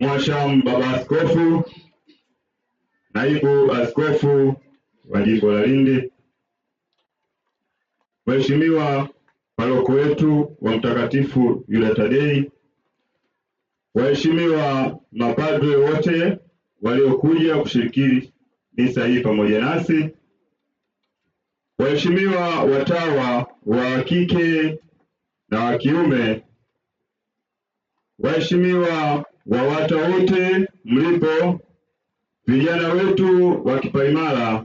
Mwasham Baba Askofu, naibu askofu wa jimbo la Lindi, Mheshimiwa paroko wetu wa Mtakatifu Yuda Tadei, waheshimiwa mapadre wote waliokuja kushiriki misa hii pamoja nasi, waheshimiwa watawa wa kike na wa kiume, waheshimiwa WAWATA wote mlipo, vijana wetu wa Kipaimara,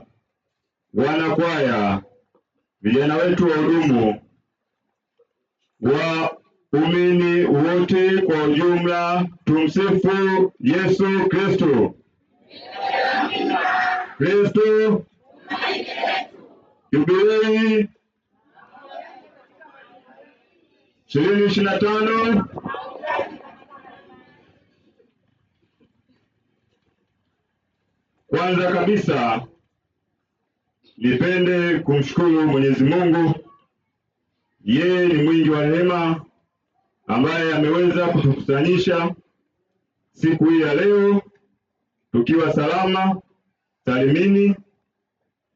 wanakwaya, vijana wetu wa wa waumini wote kwa ujumla, tumsifu Yesu Kristo. Kristo Jubilei ishirini ishirini na tano Kwanza kabisa nipende kumshukuru Mwenyezi Mungu, yeye ni mwingi wa rehema ambaye ameweza kutukusanyisha siku hii ya leo tukiwa salama salimini.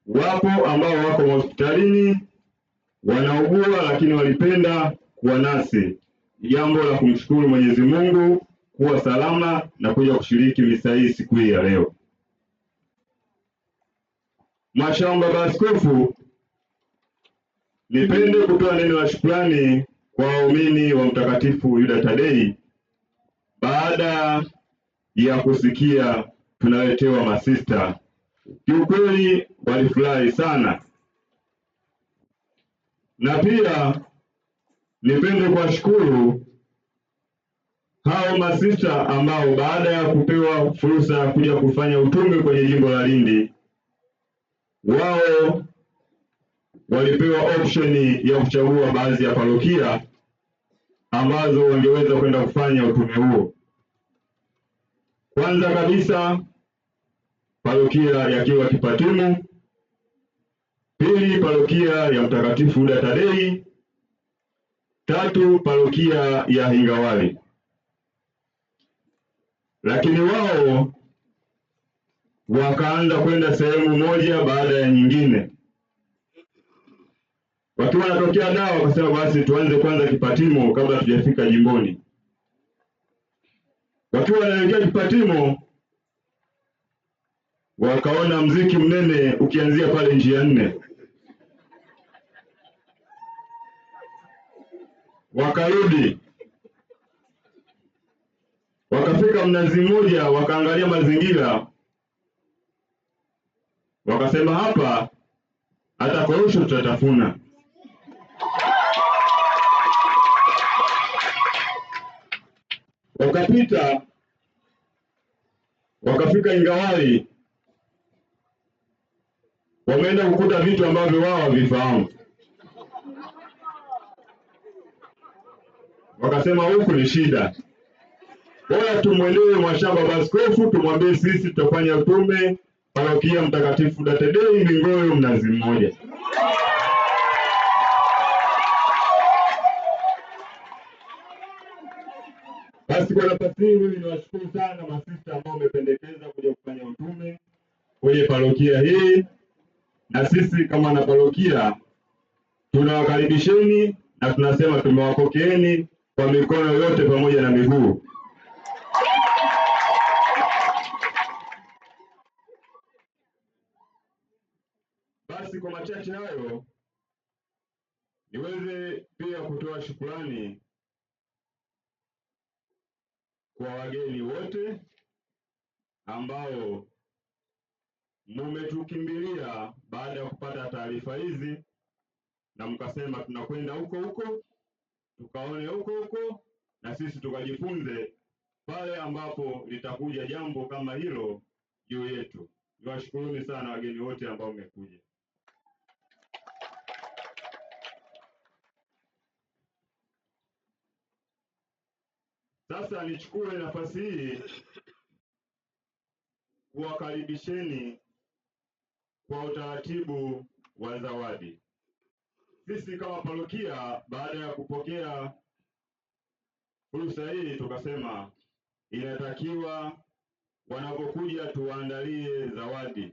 Wapo ambao wako hospitalini wanaugua, lakini walipenda kuwa nasi. Jambo la kumshukuru Mwenyezi Mungu kuwa salama na kuja kushiriki misa hii siku hii ya leo mashamba Baba Askofu, nipende kutoa neno la shukrani kwa waumini wa Mtakatifu Yuda Tadei baada ya kusikia tunaletewa masista. Kiukweli walifurahi sana, na pia nipende kuwashukuru hao masista ambao baada ya kupewa fursa ya kuja kufanya utume kwenye jimbo la Lindi wao walipewa option ya kuchagua baadhi ya parokia ambazo wangeweza kwenda kufanya utume huo. Kwanza kabisa parokia ya Kilwa Kipatimu, pili parokia ya Mtakatifu Yuda Tadei, tatu parokia ya Hingawali. Lakini wao wakaanza kwenda sehemu moja baada ya nyingine. Wakiwa wanatokea Dawa wakasema basi tuanze kwanza Kipatimo kabla tujafika jimboni. Wakiwa wanaelekea Kipatimo wakaona mziki mnene ukianzia pale njia nne, wakarudi wakafika Mnazi Mmoja, wakaangalia mazingira wakasema hapa hata korosho tutatafuna. Wakapita wakafika Ingawali, wameenda kukuta vitu ambavyo wao havifahamu. Wakasema huku ni shida, bora tumwelewe Mwashamba Baskofu, tumwambie sisi tutafanya utume parokia Mtakatifu Datedei Mingoyo Mnazi Mmoja. Basi kwa nafasi hii mimi niwashukuru sana masista ambao wamependekeza kuja kufanya utume kwenye parokia hii, na sisi kama na parokia tunawakaribisheni na tunasema tumewapokeeni kwa mikono yote pamoja na miguu. kwa machache hayo niweze pia kutoa shukrani kwa wageni wote ambao mmetukimbilia baada ya kupata taarifa hizi na mkasema tunakwenda huko huko tukaone huko huko na sisi tukajifunze pale ambapo litakuja jambo kama hilo juu yetu. Niwashukuruni sana wageni wote ambao mmekuja. Sasa nichukue nafasi hii kuwakaribisheni kwa utaratibu wa zawadi. Sisi kama parokia, baada ya kupokea fursa hii, tukasema inatakiwa wanapokuja tuwaandalie zawadi.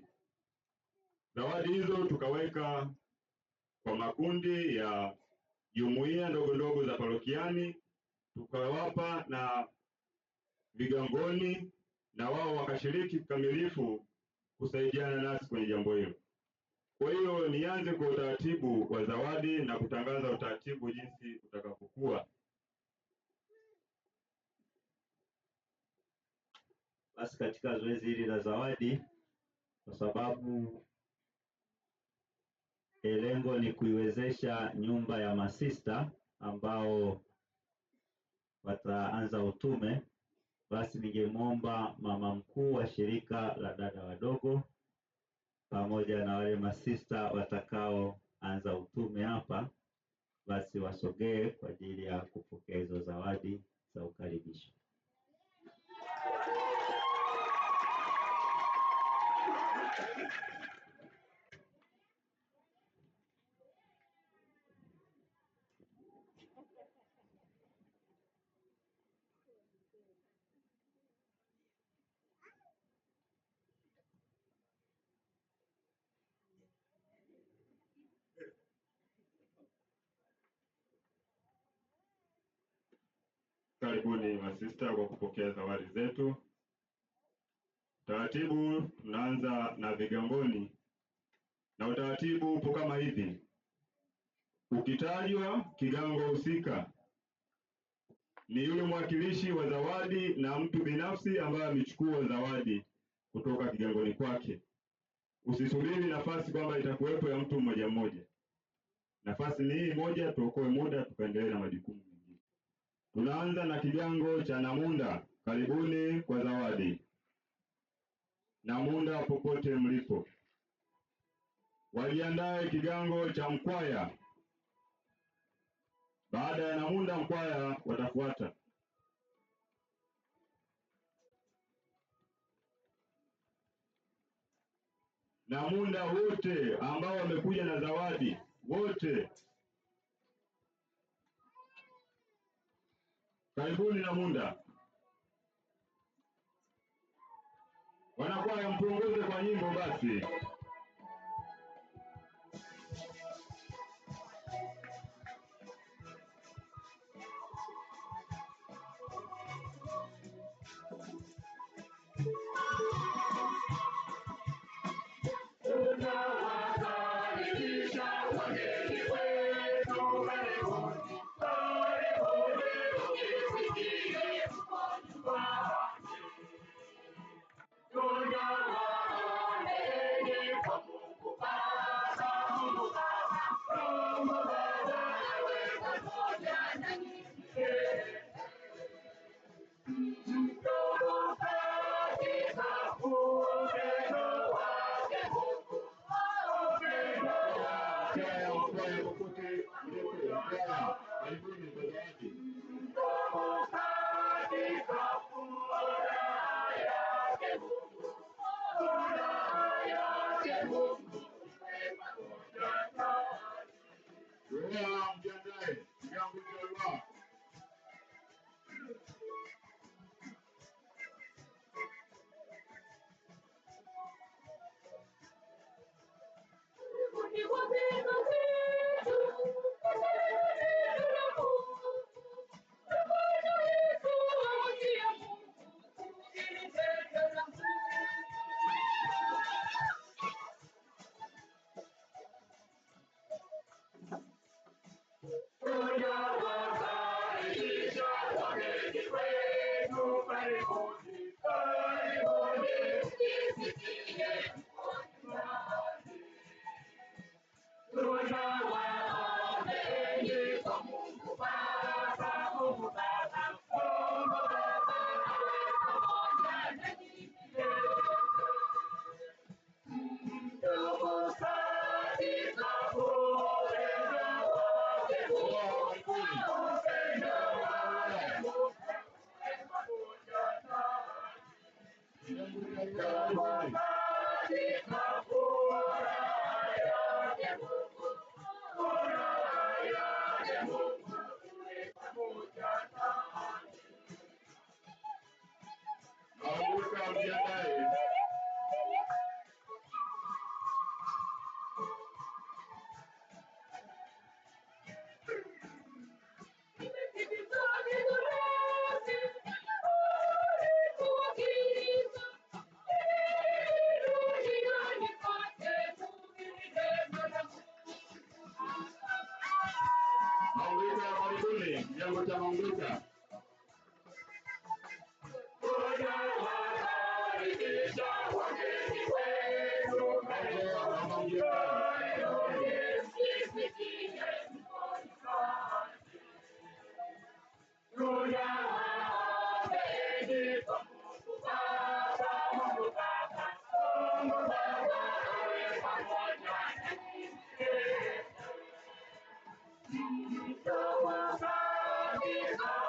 Zawadi hizo tukaweka kwa makundi ya jumuiya ndogo ndogo za parokiani tukawapa na vigangoni na wao wakashiriki kikamilifu kusaidiana nasi kwenye jambo hilo. Kwa hiyo nianze kwa utaratibu wa zawadi na kutangaza utaratibu jinsi utakapokuwa. Basi katika zoezi hili la zawadi, kwa sababu lengo ni kuiwezesha nyumba ya masista ambao wataanza utume, basi ningemwomba mama mkuu wa shirika la dada wadogo pamoja na wale masista watakaoanza utume hapa, basi wasogee kwa ajili ya kupokea hizo zawadi za ukaribisho. Karibuni masista kwa kupokea zawadi zetu. Taratibu tunaanza na vigangoni, na utaratibu upo kama hivi: ukitajwa kigango husika, ni yule mwakilishi wa zawadi na mtu binafsi ambaye amechukua zawadi kutoka kigangoni kwake. Usisubiri nafasi kwamba itakuwepo ya mtu mmoja mmoja. Nafasi ni hii moja, tuokoe muda tukaendelee na majukumu. Tunaanza na kigango cha Namunda. Karibuni kwa zawadi. Namunda popote mlipo, waliandae kigango cha mkwaya. Baada ya Namunda, mkwaya watafuata. Namunda wote ambao wamekuja na zawadi wote Karibuni munda wanakwaya mpongeze kwa nyimbo basi. 你色的花，你好。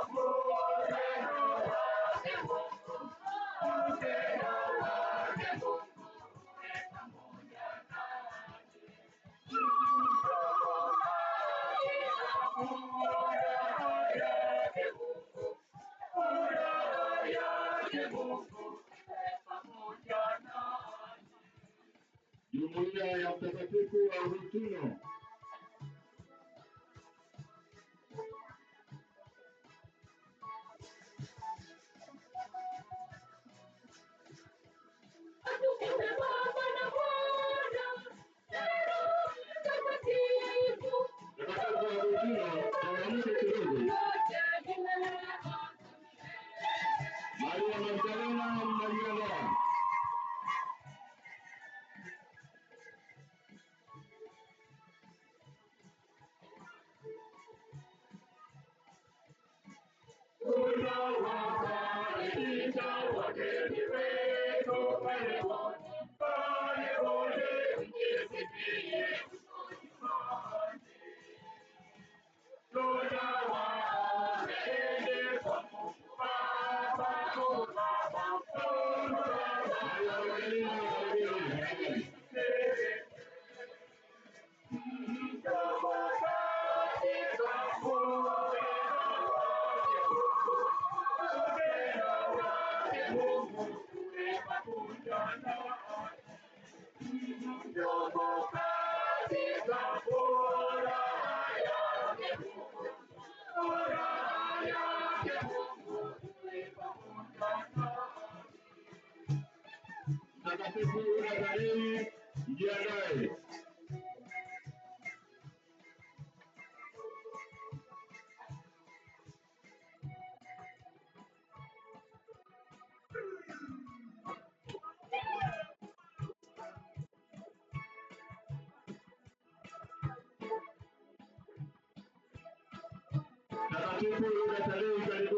Amen. Gracias.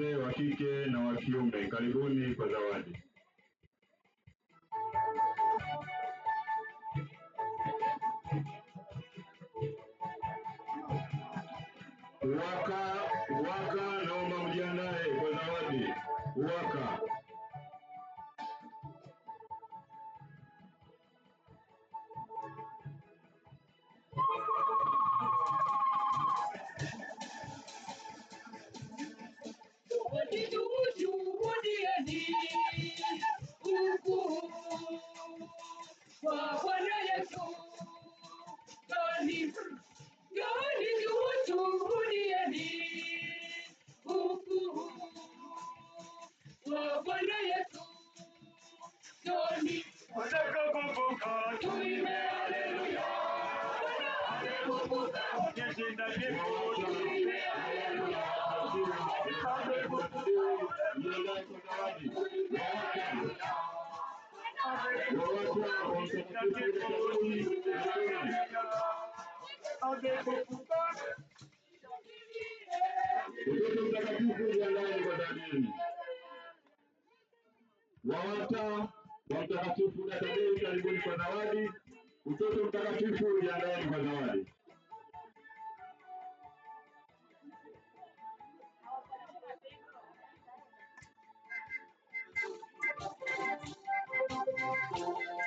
wote wa kike na wa kiume, karibuni kwa zawadi. Waka waka, naomba mjiandae kwa zawadi. Waka Mtoto mtakatifu jiandae kubatanieni. Wawata wa mtakatifu Nathanieli, karibuni kwa zawadi. Mtoto mtakatifu jiandaeni kwa zawadi. Thank you.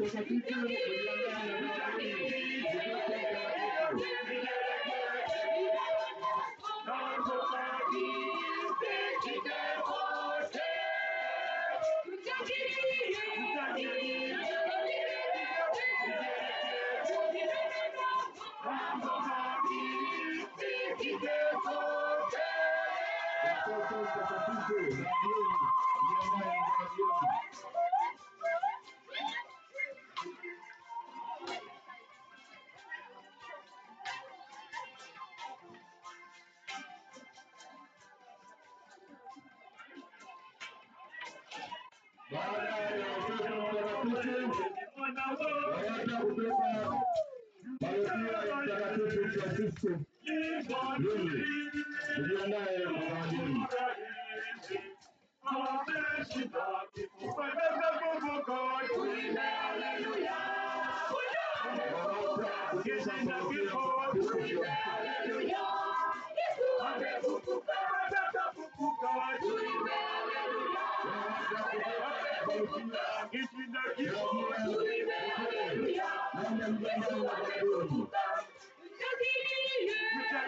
Gracias a ti. Hallelujah. h a l l e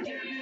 l u a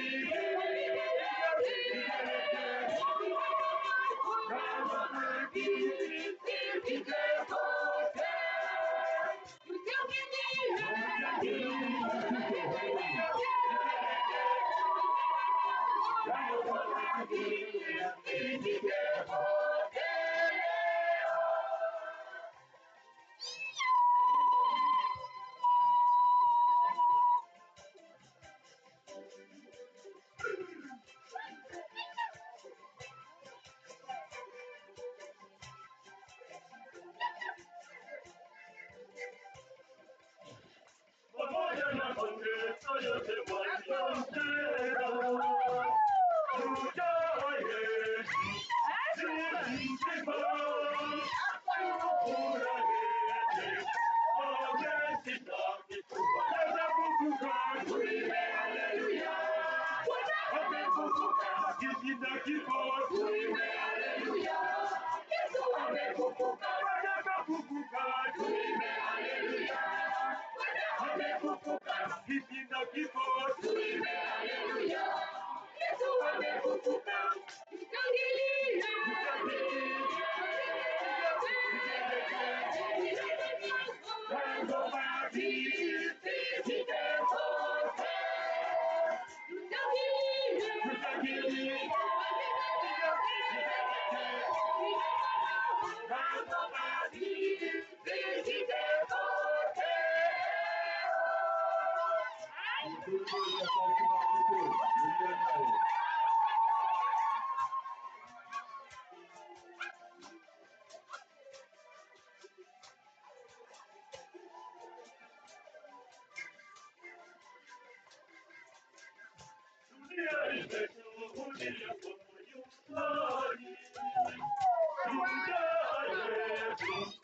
Thank you.